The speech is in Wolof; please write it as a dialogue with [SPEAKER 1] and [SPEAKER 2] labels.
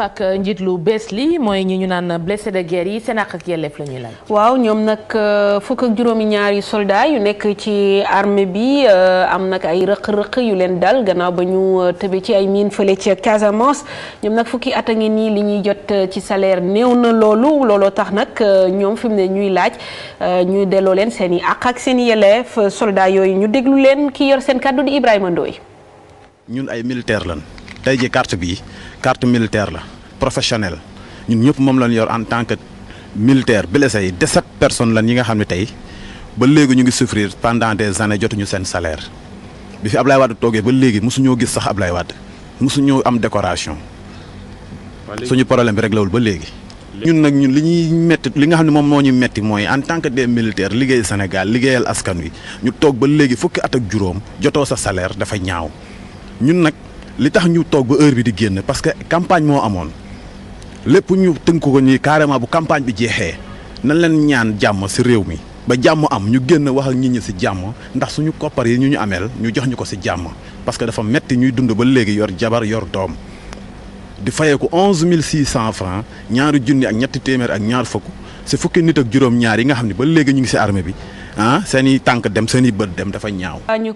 [SPEAKER 1] wax ak euh, njiit lu bees li mooy ñi ñu naan blessé de guerre yi seen àq ak yelleef la ñuy waaw ñoom nag euh, fukk ak juróomi ñaari soldaa yu nekk ci armée bi euh, am nag ay rëq-rëq yu leen dal gannaaw ba ñu tëbe ci ay miin fële ci Casamance ñoom nag fukki at a ngi nii li ñuy jot ci salaire néew na loolu looloo tax nag ñoom fi mu ne ñuy laaj ñuy delloo leen seen i àq ak seen i yelleef soldat yooyu ñu déglu leen ki yor seen kàddu di Ibrahima Ndoye.
[SPEAKER 2] ñun ay militaire lan tey ji carte bii carte militaire la professionnel ñun ñëpp moom lañ yor en tant que militaire blessé yi 17 personnes lan yi nga xam ne tey ba léegi ñu ngi souffrir pendant des années jotuñu seen salaire bi fi Ablaye Wade toogee ba léegi mosuñoo gis sax Ablaye Wade mosuñoo am décoration suñu problème bi réglewul ba léegi ñun nag ñun li ñuy metti li nga xam ne moom moo ñu metti mooy en tant que des militaires liggéey Sénégal liggéeyal askan wi ñu toog ba léegi fukki at ak juróom jotoo sa salaire dafa ñaaw li tax ñu toog ba heure bi di génn parce que campagne moo amoon lépp ñu tënk ko ñi carrément bu campagne bi jeexee nañ leen ñaan jàmm si réew mi ba jàmm am ñu génn wax ak nit ñi si jàmm ndax suñu koppar yi ñu ñu ameel ñu jox ñu ko si jàmm parce que dafa metti ñuy dund ba léegi yor jabar yor doom di ko onze mille six cent francs ñaari junni ak ñetti téeméer ak ñaar fukk si fukki nit ak juróom-ñaar yi nga xam ne ba léegi ñu ngi si armée bi ah seen i tànk dem seen i bët dem dafa ñaaw